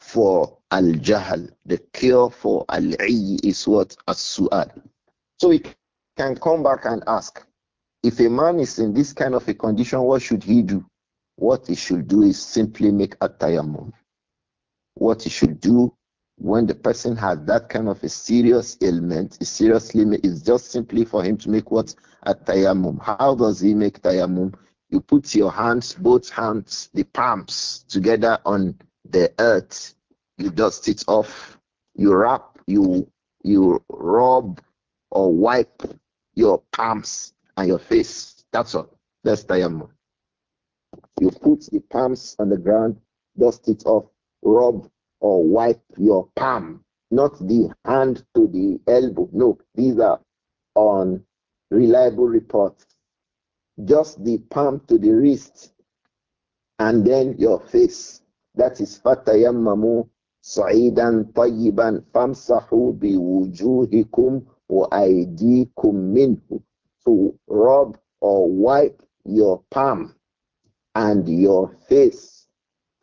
for al Jahal, the cure for al-iyyi is what? As-su'al. So we can come back and ask, if a man is in this kind of a condition, what should he do? What he should do is simply make a tayammum. What he should do when the person has that kind of a serious ailment, a serious limit, it's just simply for him to make what? A tayammum. How does he make tayammum? You put your hands, both hands, the palms together on the earth. You dust it off. You wrap, you you rub or wipe your palms and your face. That's all. That's tayammum. You put the palms on the ground, dust it off, rub or wipe your palm, not the hand to the elbow. No, these are on reliable reports. Just the palm to the wrist and then your face. That is fatayammamu sa'idan tayyiban famsahu wujuhikum wa aydikum minhu. To rub or wipe your palm and your face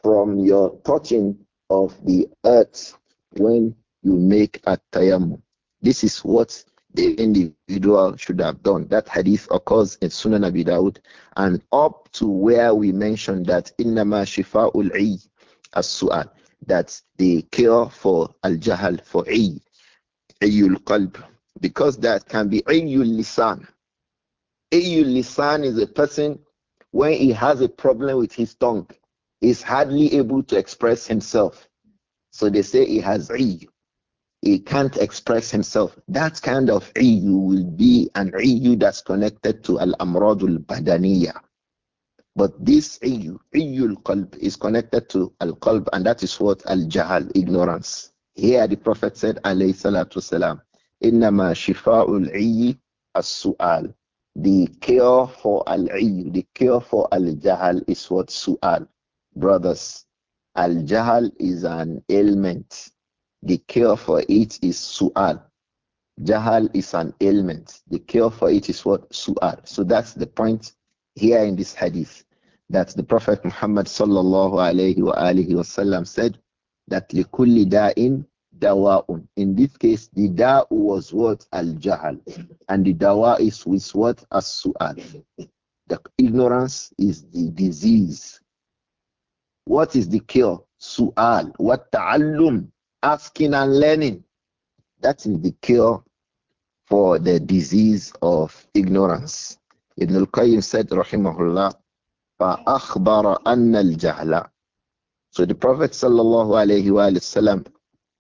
from your touching of the earth when you make a tayammum. This is what the individual should have done. That hadith occurs in Sunan Abi Dawud and up to where we mentioned that innama shifa'ul i as-su'al that the cure for al-jahal for i ayul qalb because that can be ayul lisan. Ayul lisan is a person when he has a problem with his tongue is hardly able to express himself. So they say he has iyu. He can't express himself. That kind of iyu will be an iyu that's connected to al amradul badaniya. But this iyu, iyu is connected to al qalb, and that is what al jahal, ignorance. Here the Prophet said, alayhi salatu salam, innama shifa'ul iyu as su'al. The cure for al iyu, the cure for al jahal is what su'al brothers. Al Jahal is an ailment. The cure for it is Su'al. Jahal is an ailment. The cure for it is what? Su'al. So that's the point here in this hadith that the Prophet Muhammad sallallahu alayhi wa wasallam said that likulli da'in dawa'un. In this case, the da'u was what? Al-jahal. And the dawa is with what? As-su'al. The ignorance is the disease what is the cure? Su'al. What ta'allum? Asking and learning. That is the cure for the disease of ignorance. Ibn al-Qayyim said, rahimahullah, فَأَخْبَرَ أَنَّ الْجَهْلَ So the Prophet sallallahu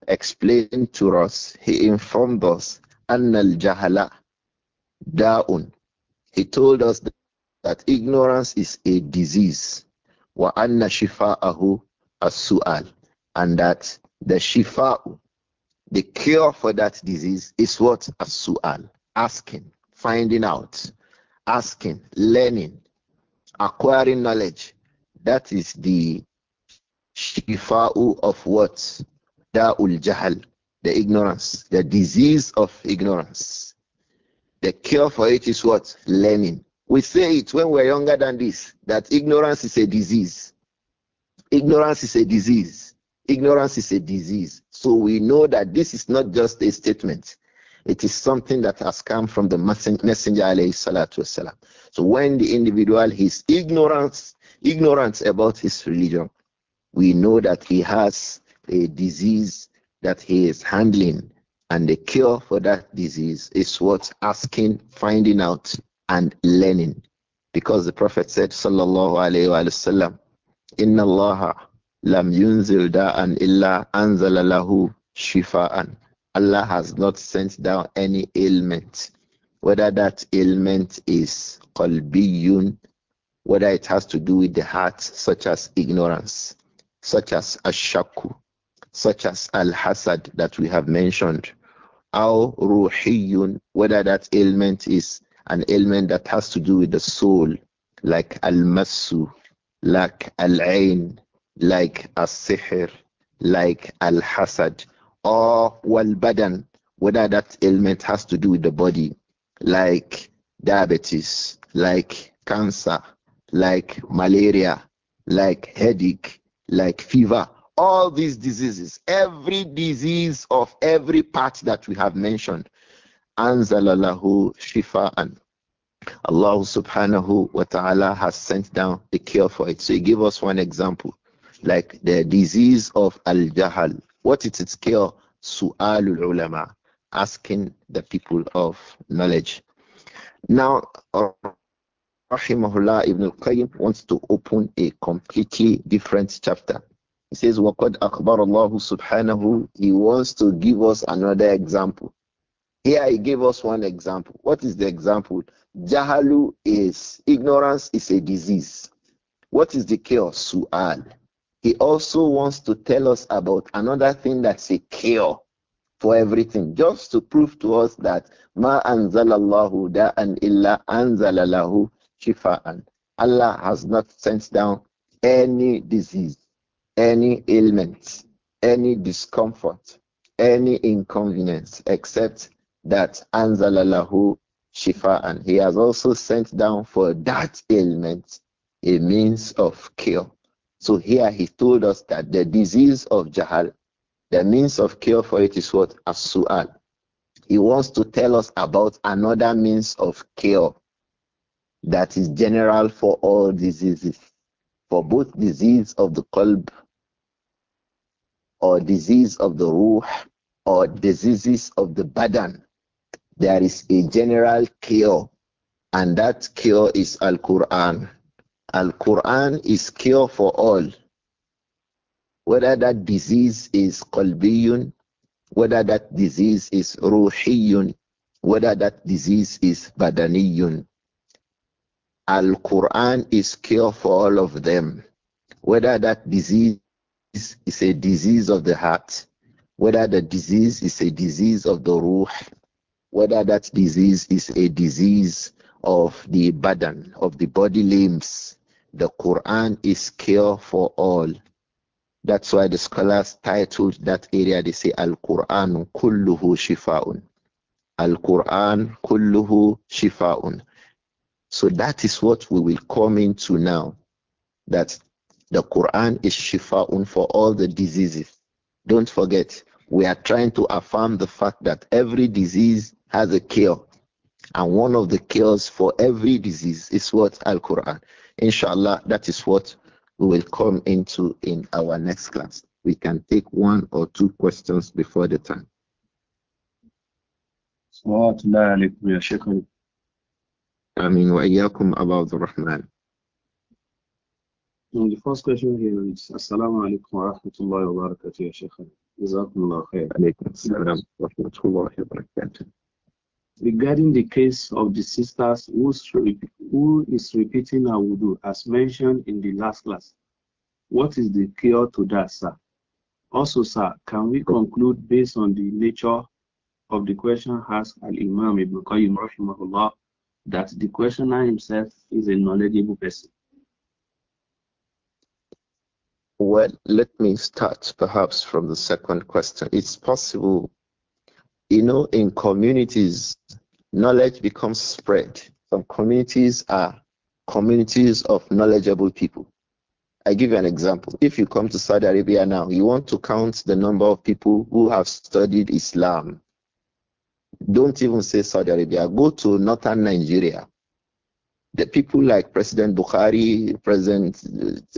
explained to us, he informed us, أَنَّ الْجَهْلَ دَاءٌ He told us that ignorance is a disease. Wa anna shifa'ahu as-su'al. And that the shifa, the cure for that disease is what? As-su'al. Asking, finding out, asking, learning, acquiring knowledge. That is the shifa'u of what? Da'ul jahal. The ignorance, the disease of ignorance. The cure for it is what? Learning. We say it when we're younger than this that ignorance is a disease. Ignorance is a disease. Ignorance is a disease. So we know that this is not just a statement. It is something that has come from the messenger alayhi salatu wasalam. So when the individual is ignorance, ignorance about his religion, we know that he has a disease that he is handling. And the cure for that disease is what asking, finding out, and learning. Because the Prophet said, Sallallahu Alaihi Wasallam, Inna Allah lam yunzil da'an illa anzala lahu shifa'an. Allah has not sent down any ailment, whether that ailment is qalbiyun, whether it has to do with the heart, such as ignorance, such as ashaku, such as al-hasad that we have mentioned, or ruhiyun, whether that ailment is an ailment that has to do with the soul, like al-masu, like al-ain, like al-sihr, like al-hasad, or wal-badan, whether that ailment has to do with the body, like diabetes, like cancer, like malaria, like headache, like fever, all these diseases, every disease of every part that we have mentioned, anzala shifa'an. Allah subhanahu wa ta'ala has sent down the cure for it. So he gave us one example, like the disease of al-jahal. What is its cure? Su'alul ulama, asking the people of knowledge. Now, Rahimahullah ibn al-Qayyim wants to open a completely different chapter. He says, وَقَدْ أَخْبَرَ اللَّهُ سُبْحَانَهُ He wants to give us another example. Here he gave us one example. What is the example? Jahalu is ignorance is a disease. What is the cure? Su'al. He also wants to tell us about another thing that's a cure for everything, just to prove to us that ma anzalallahu da'an illa anzalallahu shifa'an. Allah has not sent down any disease, any ailment, any discomfort, any inconvenience, except that anzalalahu shifa, and he has also sent down for that ailment a means of cure. So here he told us that the disease of Jahal, the means of cure for it is what? as He wants to tell us about another means of cure that is general for all diseases, for both disease of the qalb or disease of the ruh or diseases of the badan there is a general cure, and that cure is Al Quran. Al Quran is cure for all. Whether that disease is qalbiyun, whether that disease is ruhiyun, whether that disease is badaniyun. Al Quran is cure for all of them. Whether that disease is a disease of the heart, whether the disease is a disease of the ruh, whether that disease is a disease of the burden of the body limbs. The Quran is cure for all. That's why the scholars titled that area, they say Al Quran kulluhu shifaun. Al Quran kulluhu shifaun. So that is what we will come into now. That the Quran is shifaun for all the diseases. Don't forget, we are trying to affirm the fact that every disease has a cure. And one of the cures for every disease is what? Al Quran. Inshallah, that is what we will come into in our next class. We can take one or two questions before the time. صلوات الله عليكم يا شيخ آمين وإياكم أبا عبد الرحمن The first question here is Assalamu alaikum wa rahmatullahi wa barakatuh ya Shaykh. Jazakumullah khair. Alaikum assalam wa rahmatullahi wa barakatuh regarding the case of the sisters who is repeating our wudu as mentioned in the last class. What is the cure to that, sir? Also, sir, can we conclude based on the nature of the question asked Al Imam Ibn Qayyim rahimahullah that the questioner himself is a knowledgeable person? Well, let me start perhaps from the second question. It's possible you know, in communities, knowledge becomes spread. Some communities are communities of knowledgeable people. I give you an example. If you come to Saudi Arabia now, you want to count the number of people who have studied Islam. Don't even say Saudi Arabia. Go to northern Nigeria. The people like President Bukhari, President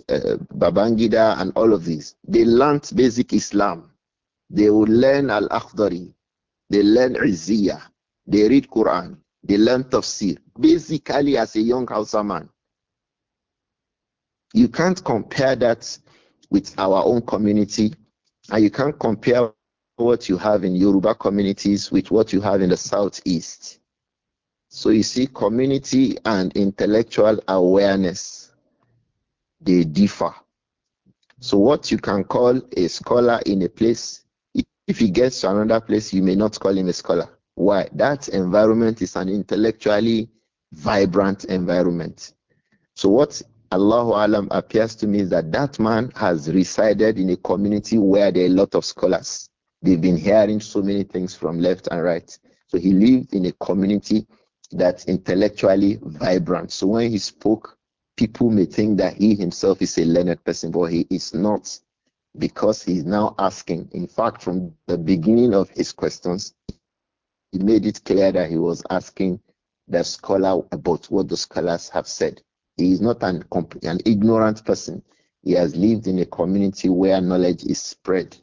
uh, uh Babangida, and all of these, they learnt basic Islam. They will learn Al Akhdari. They learn Izziyah. They read Quran. They learn Tafsir. Basically, as a young Hausa man, you can't compare that with our own community, and you can't compare what you have in Yoruba communities with what you have in the Southeast. So you see, community and intellectual awareness they differ. So what you can call a scholar in a place if he gets to another place, you may not call him a scholar. Why? That environment is an intellectually vibrant environment. So what Allahu Alam appears to me is that that man has resided in a community where there are a lot of scholars. They've been hearing so many things from left and right. So he lived in a community that's intellectually vibrant. So when he spoke, people may think that he himself is a learned person, but he is not because he's now asking. In fact, from the beginning of his questions, he made it clear that he was asking the scholar about what the scholars have said. He is not an, an ignorant person. He has lived in a community where knowledge is spread.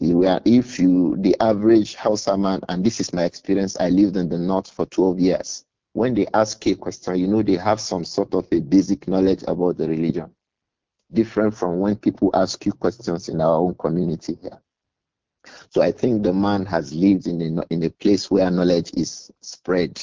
Where if you, the average Hausa man, and this is my experience, I lived in the north for 12 years. When they ask a question, you know they have some sort of a basic knowledge about the religion different from when people ask you questions in our own community here. So I think the man has lived in a, in a place where knowledge is spread,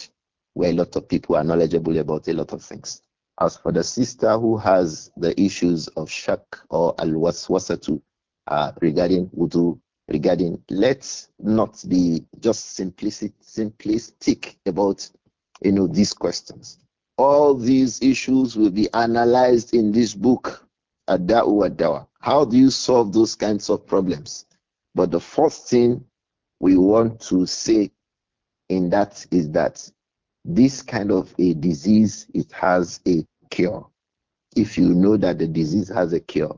where a lot of people are knowledgeable about a lot of things. As for the sister who has the issues of shak or al waswasatu uh, regarding wudu, regarding let's not be just simplistic, simplistic about you know these questions. All these issues will be analyzed in this book how do you solve those kinds of problems? But the first thing we want to say in that is that this kind of a disease it has a cure. If you know that the disease has a cure,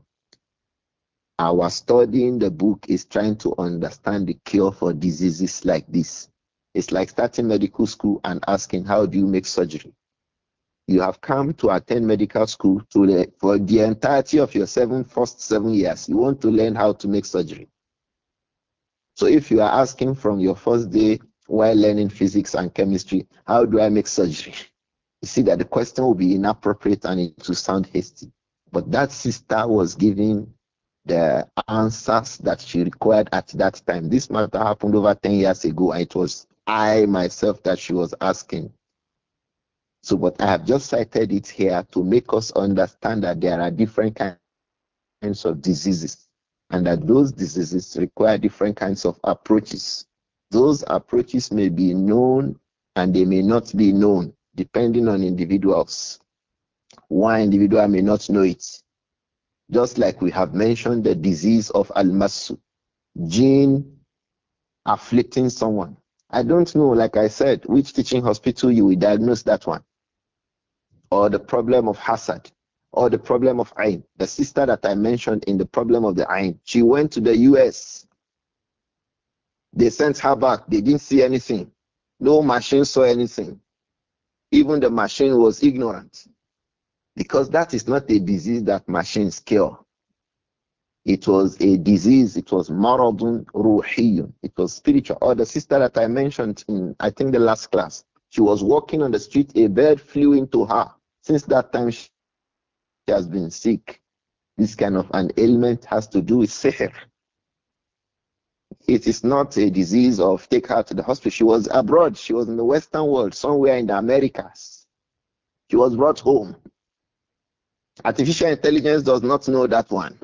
our study in the book is trying to understand the cure for diseases like this. It's like starting medical school and asking, How do you make surgery? you have come to attend medical school to the, for the entirety of your seven first seven years. You want to learn how to make surgery. So if you are asking from your first day while learning physics and chemistry, how do I make surgery? You see that the question will be inappropriate and it will sound hasty. But that sister was giving the answers that she required at that time. This matter happened over 10 years ago, and it was I myself that she was asking. So, but I have just cited it here to make us understand that there are different kinds of diseases and that those diseases require different kinds of approaches. Those approaches may be known and they may not be known depending on individuals. One individual may not know it. Just like we have mentioned the disease of Almasu, gene afflicting someone. I don't know, like I said, which teaching hospital you will diagnose that one or the problem of hazard, or the problem of eye. The sister that I mentioned in the problem of the eye. she went to the U.S. They sent her back. They didn't see anything. No machine saw anything. Even the machine was ignorant because that is not a disease that machines cure. It was a disease. It was maradun ruhiyun. It was spiritual. Or oh, the sister that I mentioned in, I think, the last class. She was walking on the street. A bird flew into her. Since that time, she has been sick. This kind of an ailment has to do with seher. It is not a disease of take her to the hospital. She was abroad. She was in the Western world, somewhere in the Americas. She was brought home. Artificial intelligence does not know that one.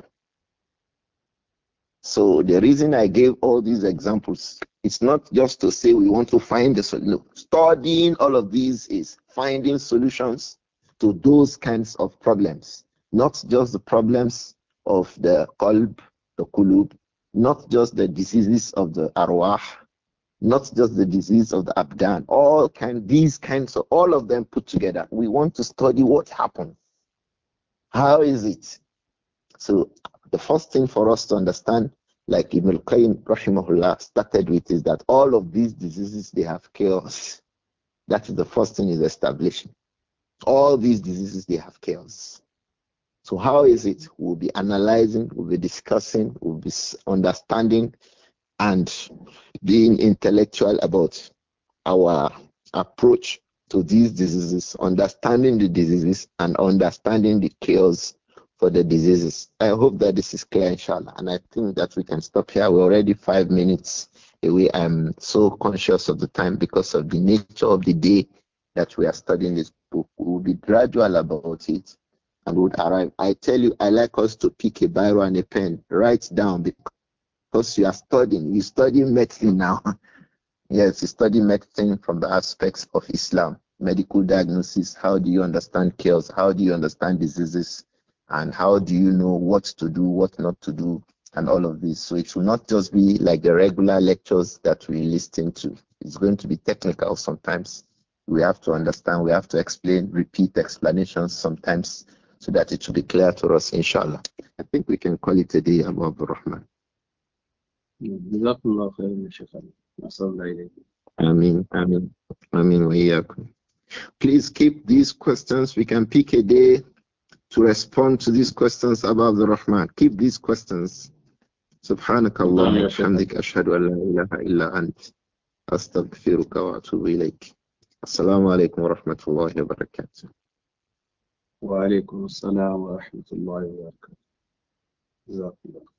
So the reason I gave all these examples, it's not just to say we want to find the solution. Studying all of these is finding solutions to those kinds of problems, not just the problems of the qalb, the kulub, not just the diseases of the arwah, not just the disease of the abdan, all kind, these kinds of, all of them put together. We want to study what happened. How is it? So the first thing for us to understand, like Ibn Qayyim rahimahullah started with, is that all of these diseases, they have chaos. That is the first thing is establishing. All these diseases, they have cures. So, how is it? We'll be analyzing, we'll be discussing, we'll be understanding, and being intellectual about our approach to these diseases, understanding the diseases, and understanding the cures for the diseases. I hope that this is clear, inshallah. And I think that we can stop here. We're already five minutes away. I'm so conscious of the time because of the nature of the day that we are studying this book. We will be gradual about it and would arrive. I tell you, I like us to pick a biro and a pen, write down because you are studying. You study medicine now. yes, you study medicine from the aspects of Islam, medical diagnosis. How do you understand cures? How do you understand diseases? And how do you know what to do, what not to do, and all of this? So it will not just be like the regular lectures that we listen to. It's going to be technical sometimes we have to understand, we have to explain, repeat explanations sometimes so that it should be clear to us, inshallah. I think we can call it a day, Abu Abdul Rahman. جزاكم Please keep these questions. We can pick a day to respond to these questions above the Rahman. Keep these questions. سبحانك اللهم وبحمدك أشهد أن لا إله إلا أنت أستغفرك وأتوب إليك السلام عليكم ورحمة الله وبركاته وعليكم السلام ورحمة الله وبركاته جزاك الله